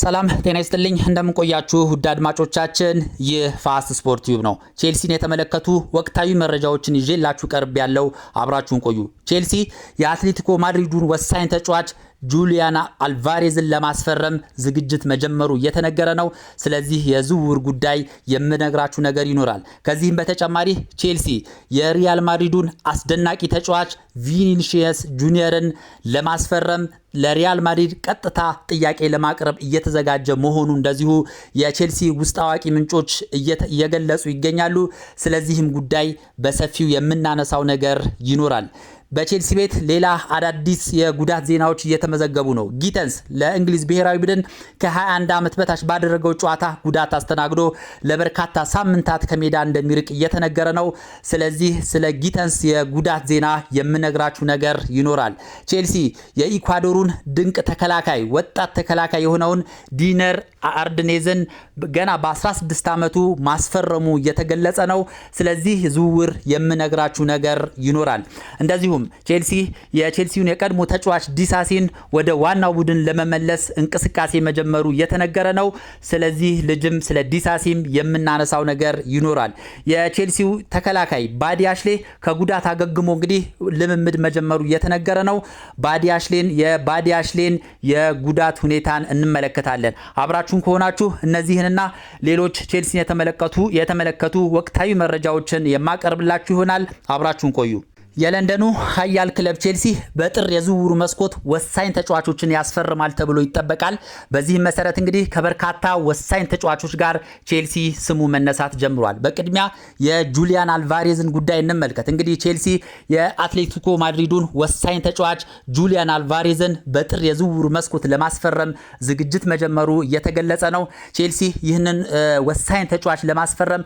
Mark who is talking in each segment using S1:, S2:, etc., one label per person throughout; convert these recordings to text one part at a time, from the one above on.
S1: ሰላም ጤና ይስጥልኝ እንደምንቆያችሁ ውድ አድማጮቻችን፣ ይህ ፋስት ስፖርት ዩብ ነው። ቼልሲን የተመለከቱ ወቅታዊ መረጃዎችን ይዤ ላችሁ ቀርብ ያለው አብራችሁን ቆዩ። ቼልሲ የአትሌቲኮ ማድሪዱን ወሳኝ ተጫዋች ጁሊያና አልቫሬዝን ለማስፈረም ዝግጅት መጀመሩ እየተነገረ ነው። ስለዚህ የዝውውር ጉዳይ የምነግራችሁ ነገር ይኖራል። ከዚህም በተጨማሪ ቼልሲ የሪያል ማድሪዱን አስደናቂ ተጫዋች ቪኒሺየስ ጁኒየርን ለማስፈረም ለሪያል ማድሪድ ቀጥታ ጥያቄ ለማቅረብ እየተዘጋጀ መሆኑ እንደዚሁ የቼልሲ ውስጥ አዋቂ ምንጮች እየገለጹ ይገኛሉ። ስለዚህም ጉዳይ በሰፊው የምናነሳው ነገር ይኖራል። በቼልሲ ቤት ሌላ አዳዲስ የጉዳት ዜናዎች እየተመዘገቡ ነው። ጊተንስ ለእንግሊዝ ብሔራዊ ቡድን ከ21 ዓመት በታች ባደረገው ጨዋታ ጉዳት አስተናግዶ ለበርካታ ሳምንታት ከሜዳ እንደሚርቅ እየተነገረ ነው። ስለዚህ ስለ ጊተንስ የጉዳት ዜና የምነግራችሁ ነገር ይኖራል። ቼልሲ የኢኳዶሩን ድንቅ ተከላካይ ወጣት ተከላካይ የሆነውን ዲነር አርድኔዝን ገና በ16 ዓመቱ ማስፈረሙ እየተገለጸ ነው። ስለዚህ ዝውውር የምነግራችሁ ነገር ይኖራል። እንደዚሁም ሆኖም ቼልሲ የቼልሲውን የቀድሞ ተጫዋች ዲሳሲን ወደ ዋናው ቡድን ለመመለስ እንቅስቃሴ መጀመሩ እየተነገረ ነው። ስለዚህ ልጅም ስለ ዲሳሲም የምናነሳው ነገር ይኖራል። የቼልሲው ተከላካይ ባዲ አሽሌ ከጉዳት አገግሞ እንግዲህ ልምምድ መጀመሩ እየተነገረ ነው። ባዲ አሽሌን የባዲ አሽሌን የጉዳት ሁኔታን እንመለከታለን። አብራችሁን ከሆናችሁ እነዚህንና ሌሎች ቼልሲን የተመለከቱ የተመለከቱ ወቅታዊ መረጃዎችን የማቀርብላችሁ ይሆናል። አብራችሁን ቆዩ። የለንደኑ ኃያል ክለብ ቼልሲ በጥር የዝውውሩ መስኮት ወሳኝ ተጫዋቾችን ያስፈርማል ተብሎ ይጠበቃል። በዚህም መሰረት እንግዲህ ከበርካታ ወሳኝ ተጫዋቾች ጋር ቼልሲ ስሙ መነሳት ጀምሯል። በቅድሚያ የጁሊያን አልቫሬዝን ጉዳይ እንመልከት። እንግዲህ ቼልሲ የአትሌቲኮ ማድሪዱን ወሳኝ ተጫዋች ጁሊያን አልቫሬዝን በጥር የዝውውሩ መስኮት ለማስፈረም ዝግጅት መጀመሩ እየተገለጸ ነው። ቼልሲ ይህንን ወሳኝ ተጫዋች ለማስፈረም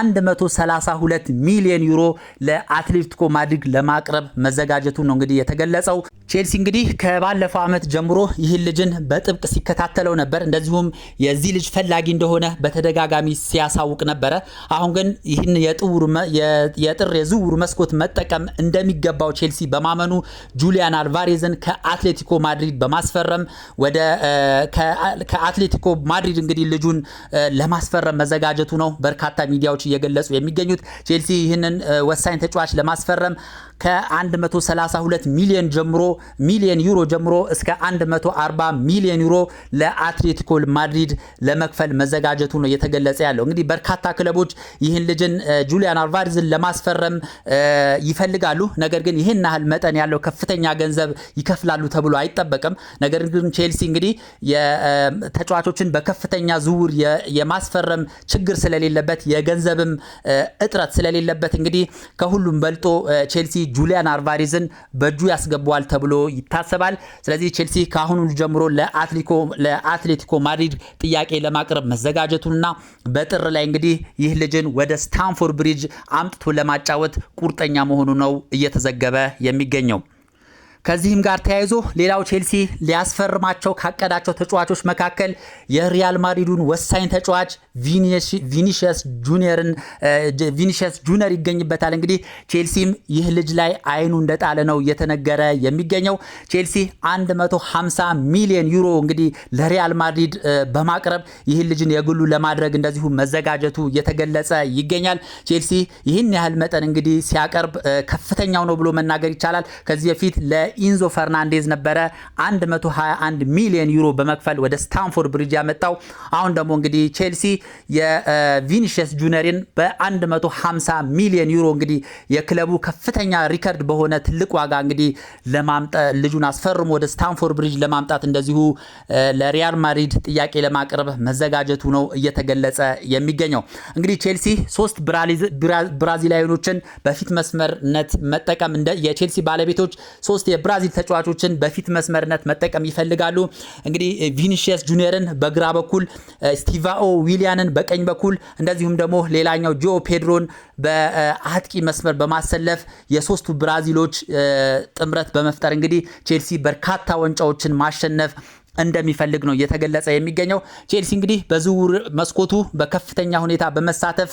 S1: 132 ሚሊዮን ዩሮ ለአትሌቲኮ ማድሪድ ለማቅረብ መዘጋጀቱ ነው እንግዲህ የተገለጸው። ቼልሲ እንግዲህ ከባለፈው ዓመት ጀምሮ ይህን ልጅን በጥብቅ ሲከታተለው ነበር። እንደዚሁም የዚህ ልጅ ፈላጊ እንደሆነ በተደጋጋሚ ሲያሳውቅ ነበረ። አሁን ግን ይህን የጥር የዝውውሩ መስኮት መጠቀም እንደሚገባው ቼልሲ በማመኑ ጁሊያን አልቫሬዝን ከአትሌቲኮ ማድሪድ በማስፈረም ወደ ከአትሌቲኮ ማድሪድ እንግዲህ ልጁን ለማስፈረም መዘጋጀቱ ነው በርካታ ሚዲያዎች እየገለጹ የሚገኙት። ቼልሲ ይህንን ወሳኝ ተጫዋች ለማስፈረም ከ132 ሚሊዮን ጀምሮ ሚሊዮን ዩሮ ጀምሮ እስከ 140 ሚሊዮን ዩሮ ለአትሌቲኮ ማድሪድ ለመክፈል መዘጋጀቱ ነው እየተገለጸ ያለው። እንግዲህ በርካታ ክለቦች ይህን ልጅን ጁሊያን አልቫሬዝን ለማስፈረም ይፈልጋሉ። ነገር ግን ይህን ያህል መጠን ያለው ከፍተኛ ገንዘብ ይከፍላሉ ተብሎ አይጠበቅም። ነገር ግን ቼልሲ እንግዲህ ተጫዋቾችን በከፍተኛ ዝውውር የማስፈረም ችግር ስለሌለበት የገንዘብም እጥረት ስለሌለበት እንግዲህ ከሁሉም በልጦ ቼልሲ ቼልሲ ጁሊያን አልቫሬዝን በእጁ ያስገባዋል ተብሎ ይታሰባል። ስለዚህ ቼልሲ ከአሁኑ ጀምሮ ለአትሌቲኮ ማድሪድ ጥያቄ ለማቅረብ መዘጋጀቱንና በጥር ላይ እንግዲህ ይህ ልጅን ወደ ስታንፎርድ ብሪጅ አምጥቶ ለማጫወት ቁርጠኛ መሆኑ ነው እየተዘገበ የሚገኘው። ከዚህም ጋር ተያይዞ ሌላው ቼልሲ ሊያስፈርማቸው ካቀዳቸው ተጫዋቾች መካከል የሪያል ማድሪዱን ወሳኝ ተጫዋች ቪኒሽስ ጁነር ይገኝበታል። እንግዲህ ቼልሲም ይህ ልጅ ላይ አይኑ እንደጣለ ነው እየተነገረ የሚገኘው። ቼልሲ 150 ሚሊዮን ዩሮ እንግዲህ ለሪያል ማድሪድ በማቅረብ ይህን ልጅን የግሉ ለማድረግ እንደዚሁ መዘጋጀቱ እየተገለጸ ይገኛል። ቼልሲ ይህን ያህል መጠን እንግዲህ ሲያቀርብ ከፍተኛው ነው ብሎ መናገር ይቻላል። ከዚህ በፊት ለ ኢንዞ ፈርናንዴዝ ነበረ 121 ሚሊዮን ዩሮ በመክፈል ወደ ስታንፎርድ ብሪጅ ያመጣው። አሁን ደግሞ እንግዲህ ቼልሲ የቪኒሽስ ጁነሪን በ150 ሚሊዮን ዩሮ እንግዲህ የክለቡ ከፍተኛ ሪከርድ በሆነ ትልቅ ዋጋ እንግዲህ ለማምጣት ልጁን አስፈርሞ ወደ ስታንፎርድ ብሪጅ ለማምጣት እንደዚሁ ለሪያል ማድሪድ ጥያቄ ለማቅረብ መዘጋጀቱ ነው እየተገለጸ የሚገኘው። እንግዲህ ቼልሲ ሶስት ብራዚላዊኖችን በፊት መስመርነት መጠቀም የቼልሲ ባለቤቶች ሶስት የብራዚል ተጫዋቾችን በፊት መስመርነት መጠቀም ይፈልጋሉ። እንግዲህ ቪኒሺየስ ጁኒየርን በግራ በኩል ስቲቫኦ ዊሊያንን በቀኝ በኩል እንደዚሁም ደግሞ ሌላኛው ጆ ፔድሮን በአጥቂ መስመር በማሰለፍ የሶስቱ ብራዚሎች ጥምረት በመፍጠር እንግዲህ ቼልሲ በርካታ ዋንጫዎችን ማሸነፍ እንደሚፈልግ ነው እየተገለጸ የሚገኘው። ቼልሲ እንግዲህ በዝውውር መስኮቱ በከፍተኛ ሁኔታ በመሳተፍ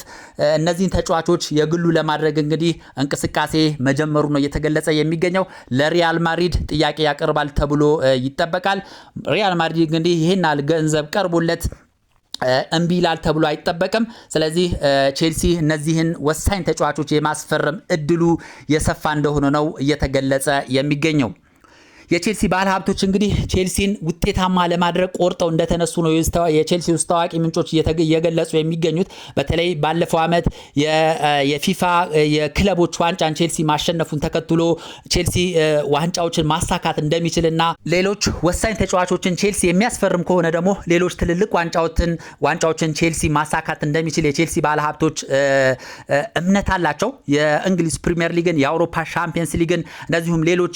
S1: እነዚህን ተጫዋቾች የግሉ ለማድረግ እንግዲህ እንቅስቃሴ መጀመሩ ነው እየተገለጸ የሚገኘው። ለሪያል ማድሪድ ጥያቄ ያቀርባል ተብሎ ይጠበቃል። ሪያል ማድሪድ እንግዲህ ይህን ያህል ገንዘብ ቀርቦለት እምቢ ይላል ተብሎ አይጠበቅም። ስለዚህ ቼልሲ እነዚህን ወሳኝ ተጫዋቾች የማስፈረም እድሉ የሰፋ እንደሆነ ነው እየተገለጸ የሚገኘው። የቼልሲ ባለሀብቶች ሀብቶች እንግዲህ ቼልሲን ውጤታማ ለማድረግ ቆርጠው እንደተነሱ ነው የቼልሲ ውስጥ ታዋቂ ምንጮች እየገለጹ የሚገኙት። በተለይ ባለፈው ዓመት የፊፋ የክለቦች ዋንጫን ቼልሲ ማሸነፉን ተከትሎ ቼልሲ ዋንጫዎችን ማሳካት እንደሚችልና ሌሎች ወሳኝ ተጫዋቾችን ቼልሲ የሚያስፈርም ከሆነ ደግሞ ሌሎች ትልልቅ ዋንጫዎችን ዋንጫዎችን ቼልሲ ማሳካት እንደሚችል የቼልሲ ባለሀብቶች ሀብቶች እምነት አላቸው። የእንግሊዝ ፕሪሚየር ሊግን፣ የአውሮፓ ሻምፒየንስ ሊግን እንደዚሁም ሌሎች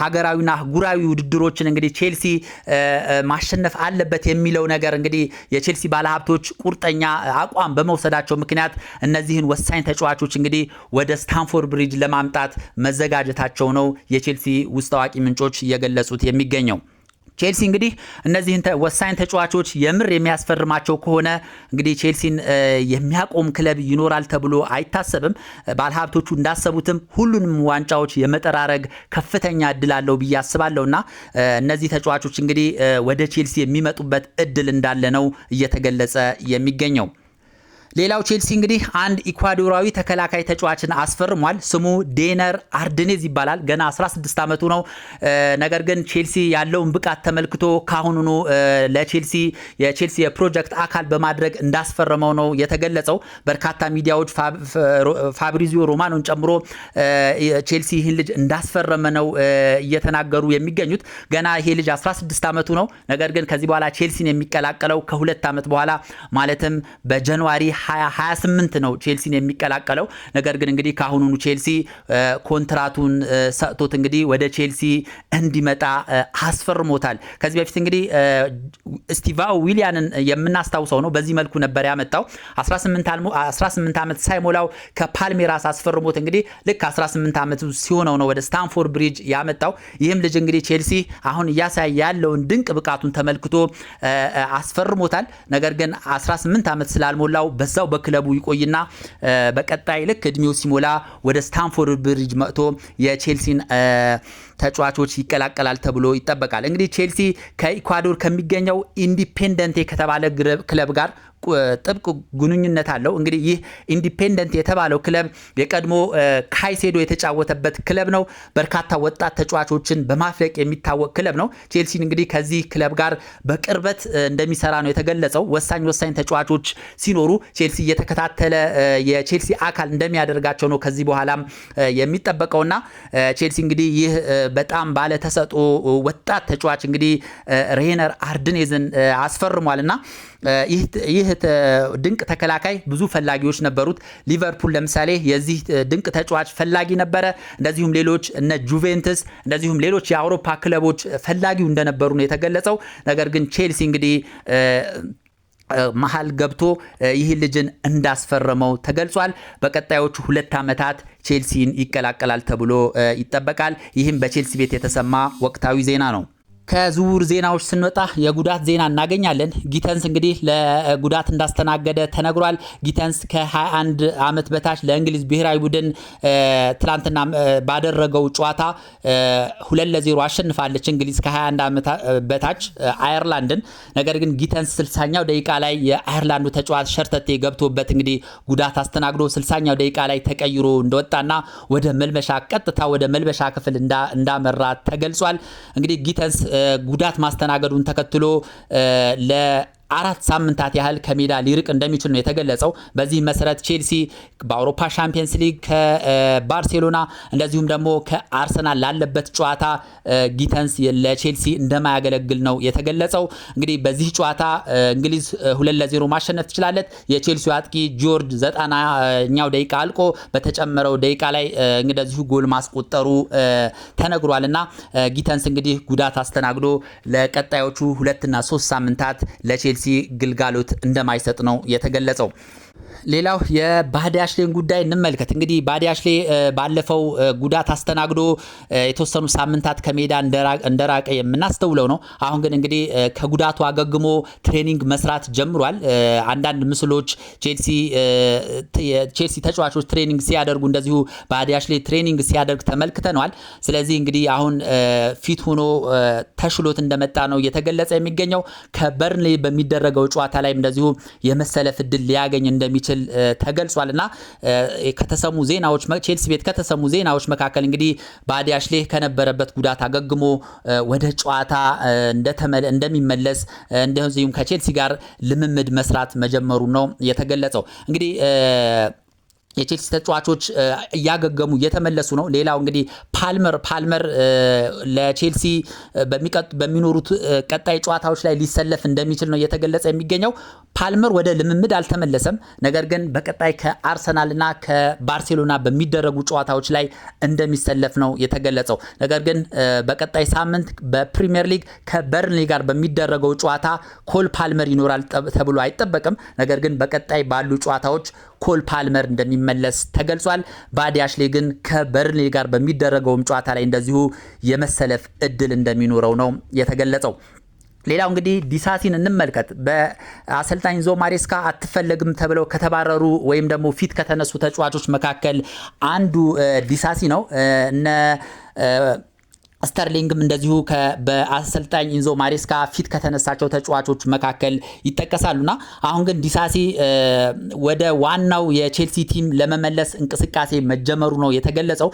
S1: ሀገራዊና አህጉራዊ ውድድሮችን እንግዲህ ቼልሲ ማሸነፍ አለበት የሚለው ነገር እንግዲህ የቼልሲ ባለሀብቶች ቁርጠኛ አቋም በመውሰዳቸው ምክንያት እነዚህን ወሳኝ ተጫዋቾች እንግዲህ ወደ ስታንፎርድ ብሪጅ ለማምጣት መዘጋጀታቸው ነው የቼልሲ ውስጥ አዋቂ ምንጮች እየገለጹት የሚገኘው። ቼልሲ እንግዲህ እነዚህን ወሳኝ ተጫዋቾች የምር የሚያስፈርማቸው ከሆነ እንግዲህ ቼልሲን የሚያቆም ክለብ ይኖራል ተብሎ አይታሰብም። ባለሀብቶቹ እንዳሰቡትም ሁሉንም ዋንጫዎች የመጠራረግ ከፍተኛ እድል አለው ብዬ አስባለሁ እና እነዚህ ተጫዋቾች እንግዲህ ወደ ቼልሲ የሚመጡበት እድል እንዳለ ነው እየተገለጸ የሚገኘው። ሌላው ቼልሲ እንግዲህ አንድ ኢኳዶራዊ ተከላካይ ተጫዋችን አስፈርሟል። ስሙ ዴነር አርድኔዝ ይባላል። ገና 16 ዓመቱ ነው። ነገር ግን ቼልሲ ያለውን ብቃት ተመልክቶ ካሁኑኑ ለቼልሲ የቼልሲ የፕሮጀክት አካል በማድረግ እንዳስፈረመው ነው የተገለጸው። በርካታ ሚዲያዎች ፋብሪዚዮ ሮማኖን ጨምሮ ቼልሲ ይህን ልጅ እንዳስፈረመ ነው እየተናገሩ የሚገኙት። ገና ይሄ ልጅ 16 ዓመቱ ነው። ነገር ግን ከዚህ በኋላ ቼልሲን የሚቀላቀለው ከሁለት ዓመት በኋላ ማለትም በጃንዋሪ በ2028 ነው ቼልሲን የሚቀላቀለው። ነገር ግን እንግዲህ ከአሁኑኑ ቼልሲ ኮንትራቱን ሰጥቶት እንግዲህ ወደ ቼልሲ እንዲመጣ አስፈርሞታል። ከዚህ በፊት እንግዲህ ስቲቫ ዊሊያንን የምናስታውሰው ነው። በዚህ መልኩ ነበር ያመጣው 18 ዓመት ሳይሞላው ከፓልሜራስ አስፈርሞት እንግዲህ ልክ 18 ዓመቱ ሲሆነው ነው ወደ ስታንፎርድ ብሪጅ ያመጣው። ይህም ልጅ እንግዲህ ቼልሲ አሁን እያሳየ ያለውን ድንቅ ብቃቱን ተመልክቶ አስፈርሞታል። ነገር ግን 18 ዓመት ስላልሞላው በ በዛው በክለቡ ይቆይና በቀጣይ ልክ እድሜው ሲሞላ ወደ ስታንፎርድ ብሪጅ መጥቶ የቼልሲን ተጫዋቾች ይቀላቀላል ተብሎ ይጠበቃል። እንግዲህ ቼልሲ ከኢኳዶር ከሚገኘው ኢንዲፔንደንቴ ከተባለ ክለብ ጋር ጥብቅ ግንኙነት አለው። እንግዲህ ይህ ኢንዲፔንደንት የተባለው ክለብ የቀድሞ ካይሴዶ የተጫወተበት ክለብ ነው። በርካታ ወጣት ተጫዋቾችን በማፍለቅ የሚታወቅ ክለብ ነው። ቼልሲን እንግዲህ ከዚህ ክለብ ጋር በቅርበት እንደሚሰራ ነው የተገለጸው። ወሳኝ ወሳኝ ተጫዋቾች ሲኖሩ ቼልሲ እየተከታተለ የቼልሲ አካል እንደሚያደርጋቸው ነው ከዚህ በኋላም የሚጠበቀውና ቼልሲ እንግዲህ ይህ በጣም ባለተሰጦ ወጣት ተጫዋች እንግዲህ ሬነር አርድኔዝን አስፈርሟል እና ይህ ድንቅ ተከላካይ ብዙ ፈላጊዎች ነበሩት። ሊቨርፑል ለምሳሌ የዚህ ድንቅ ተጫዋች ፈላጊ ነበረ። እንደዚሁም ሌሎች እነ ጁቬንትስ፣ እንደዚሁም ሌሎች የአውሮፓ ክለቦች ፈላጊው እንደነበሩ ነው የተገለጸው። ነገር ግን ቼልሲ እንግዲህ መሀል ገብቶ ይህ ልጅን እንዳስፈረመው ተገልጿል። በቀጣዮቹ ሁለት ዓመታት ቼልሲን ይቀላቀላል ተብሎ ይጠበቃል። ይህም በቼልሲ ቤት የተሰማ ወቅታዊ ዜና ነው። ከዝውውር ዜናዎች ስንወጣ የጉዳት ዜና እናገኛለን። ጊተንስ እንግዲህ ለጉዳት እንዳስተናገደ ተነግሯል። ጊተንስ ከ21 ዓመት በታች ለእንግሊዝ ብሔራዊ ቡድን ትላንትና ባደረገው ጨዋታ ሁለት ለዜሮ አሸንፋለች እንግሊዝ ከ21 ዓመት በታች አየርላንድን። ነገር ግን ጊተንስ ስልሳኛው ደቂቃ ላይ የአየርላንዱ ተጫዋች ሸርተቴ ገብቶበት እንግዲህ ጉዳት አስተናግዶ ስልሳኛው ደቂቃ ላይ ተቀይሮ እንደወጣና ወደ መልበሻ ቀጥታ ወደ መልበሻ ክፍል እንዳመራ ተገልጿል። እንግዲህ ጊተንስ ጉዳት ማስተናገዱን ተከትሎ ለ አራት ሳምንታት ያህል ከሜዳ ሊርቅ እንደሚችል ነው የተገለጸው። በዚህ መሰረት ቼልሲ በአውሮፓ ሻምፒየንስ ሊግ ከባርሴሎና እንደዚሁም ደግሞ ከአርሰናል ላለበት ጨዋታ ጊተንስ ለቼልሲ እንደማያገለግል ነው የተገለጸው። እንግዲህ በዚህ ጨዋታ እንግሊዝ ሁለት ለዜሮ ማሸነፍ ትችላለች። የቼልሲ አጥቂ ጆርጅ ዘጠናኛው ደቂቃ አልቆ በተጨመረው ደቂቃ ላይ እንደዚሁ ጎል ማስቆጠሩ ተነግሯል እና ጊተንስ እንግዲህ ጉዳት አስተናግዶ ለቀጣዮቹ ሁለትና ሶስት ሳምንታት ለቼልሲ የታክሲ ግልጋሎት እንደማይሰጥ ነው የተገለጸው። ሌላው የባዲ አሽሌን ጉዳይ እንመልከት። እንግዲህ ባዲ አሽሌ ባለፈው ጉዳት አስተናግዶ የተወሰኑ ሳምንታት ከሜዳ እንደራቀ የምናስተውለው ነው። አሁን ግን እንግዲህ ከጉዳቱ አገግሞ ትሬኒንግ መስራት ጀምሯል። አንዳንድ ምስሎች ቼልሲ ተጫዋቾች ትሬኒንግ ሲያደርጉ፣ እንደዚሁ ባህዲ አሽሌ ትሬኒንግ ሲያደርግ ተመልክተነዋል። ስለዚህ እንግዲህ አሁን ፊት ሆኖ ተሽሎት እንደመጣ ነው እየተገለጸ የሚገኘው። ከበርንሌ በሚደረገው ጨዋታ ላይም እንደዚሁ የመሰለፍ እድል ሊያገኝ እንደሚ እንደሚችል ተገልጿል እና ከተሰሙ ዜናዎች ቼልሲ ቤት ከተሰሙ ዜናዎች መካከል እንግዲህ ባዲ አሽሌህ ከነበረበት ጉዳት አገግሞ ወደ ጨዋታ እንደሚመለስ እንደዚሁም ከቼልሲ ጋር ልምምድ መስራት መጀመሩ ነው የተገለጸው እንግዲህ የቼልሲ ተጫዋቾች እያገገሙ እየተመለሱ ነው። ሌላው እንግዲህ ፓልመር ፓልመር ለቼልሲ በሚኖሩት ቀጣይ ጨዋታዎች ላይ ሊሰለፍ እንደሚችል ነው እየተገለጸ የሚገኘው። ፓልመር ወደ ልምምድ አልተመለሰም። ነገር ግን በቀጣይ ከአርሰናልና ከባርሴሎና በሚደረጉ ጨዋታዎች ላይ እንደሚሰለፍ ነው የተገለጸው። ነገር ግን በቀጣይ ሳምንት በፕሪሚየር ሊግ ከበርንሊ ጋር በሚደረገው ጨዋታ ኮል ፓልመር ይኖራል ተብሎ አይጠበቅም። ነገር ግን በቀጣይ ባሉ ጨዋታዎች ኮል ፓልመር እንደሚመለስ ተገልጿል። ባዲ አሽሌ ግን ከበርንሌ ጋር በሚደረገውም ጨዋታ ላይ እንደዚሁ የመሰለፍ እድል እንደሚኖረው ነው የተገለጸው። ሌላው እንግዲህ ዲሳሲን እንመልከት። በአሰልጣኝ ዞ ማሬስካ አትፈለግም ተብለው ከተባረሩ ወይም ደግሞ ፊት ከተነሱ ተጫዋቾች መካከል አንዱ ዲሳሲ ነው እነ ስተርሊንግም እንደዚሁ በአሰልጣኝ ኢንዞ ማሬስካ ፊት ከተነሳቸው ተጫዋቾች መካከል ይጠቀሳሉና አሁን ግን ዲሳሲ ወደ ዋናው የቼልሲ ቲም ለመመለስ እንቅስቃሴ መጀመሩ ነው የተገለጸው።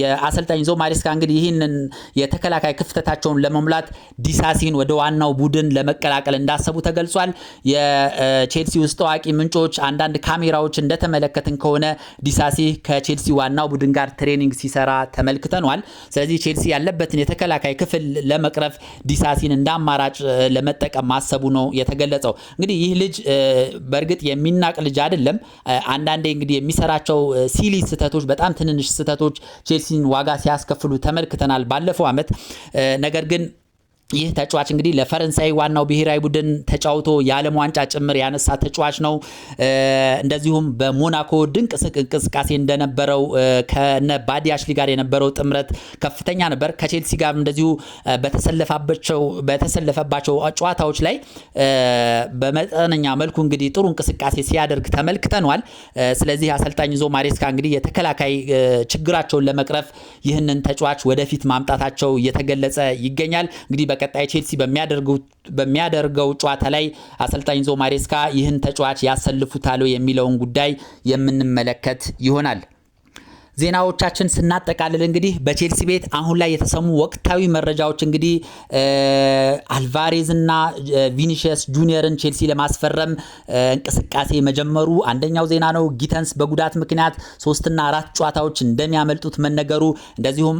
S1: የአሰልጣኝ ኢንዞ ማሬስካ እንግዲህ ይህንን የተከላካይ ክፍተታቸውን ለመሙላት ዲሳሲን ወደ ዋናው ቡድን ለመቀላቀል እንዳሰቡ ተገልጿል። የቼልሲ ውስጥ ታዋቂ ምንጮች አንዳንድ ካሜራዎች እንደተመለከትን ከሆነ ዲሳሲ ከቼልሲ ዋናው ቡድን ጋር ትሬኒንግ ሲሰራ ተመልክተነዋል። ስለዚህ ቼልሲ ያለበትን የተከላካይ ክፍል ለመቅረፍ ዲሳሲን እንደ አማራጭ ለመጠቀም ማሰቡ ነው የተገለጸው። እንግዲህ ይህ ልጅ በእርግጥ የሚናቅ ልጅ አይደለም። አንዳንዴ እንግዲህ የሚሰራቸው ሲሊ ስህተቶች፣ በጣም ትንንሽ ስህተቶች ቼልሲን ዋጋ ሲያስከፍሉ ተመልክተናል ባለፈው ዓመት ነገር ግን ይህ ተጫዋች እንግዲህ ለፈረንሳይ ዋናው ብሔራዊ ቡድን ተጫውቶ የዓለም ዋንጫ ጭምር ያነሳ ተጫዋች ነው። እንደዚሁም በሞናኮ ድንቅ እንቅስቃሴ እንደነበረው ከነ ባዲያሽሊ ጋር የነበረው ጥምረት ከፍተኛ ነበር። ከቼልሲ ጋር እንደዚሁ በተሰለፈባቸው ጨዋታዎች ላይ በመጠነኛ መልኩ እንግዲህ ጥሩ እንቅስቃሴ ሲያደርግ ተመልክተኗል። ስለዚህ አሰልጣኝ ዞ ማሬስካ እንግዲህ የተከላካይ ችግራቸውን ለመቅረፍ ይህንን ተጫዋች ወደፊት ማምጣታቸው እየተገለጸ ይገኛል እንግዲህ በቀጣይ ቼልሲ በሚያደርገው ጨዋታ ላይ አሰልጣኝ ዞ ማሬስካ ይህን ተጫዋች ያሰልፉታል የሚለውን ጉዳይ የምንመለከት ይሆናል። ዜናዎቻችን ስናጠቃልል እንግዲህ በቼልሲ ቤት አሁን ላይ የተሰሙ ወቅታዊ መረጃዎች እንግዲህ አልቫሬዝ እና ቪኒሽስ ጁኒየርን ቼልሲ ለማስፈረም እንቅስቃሴ መጀመሩ አንደኛው ዜና ነው። ጊተንስ በጉዳት ምክንያት ሶስትና አራት ጨዋታዎች እንደሚያመልጡት መነገሩ፣ እንደዚሁም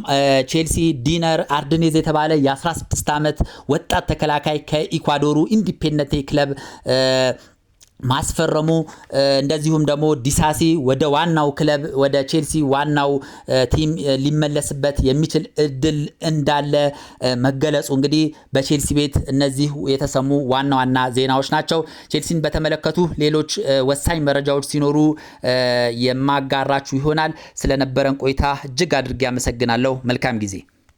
S1: ቼልሲ ዲነር አርድኔዝ የተባለ የ16 ዓመት ወጣት ተከላካይ ከኢኳዶሩ ኢንዲፔንደንቴ ክለብ ማስፈረሙ እንደዚሁም ደግሞ ዲሳሲ ወደ ዋናው ክለብ ወደ ቼልሲ ዋናው ቲም ሊመለስበት የሚችል እድል እንዳለ መገለጹ እንግዲህ በቼልሲ ቤት እነዚህ የተሰሙ ዋና ዋና ዜናዎች ናቸው። ቼልሲን በተመለከቱ ሌሎች ወሳኝ መረጃዎች ሲኖሩ የማጋራችሁ ይሆናል። ስለነበረን ቆይታ እጅግ አድርጌ አመሰግናለሁ። መልካም ጊዜ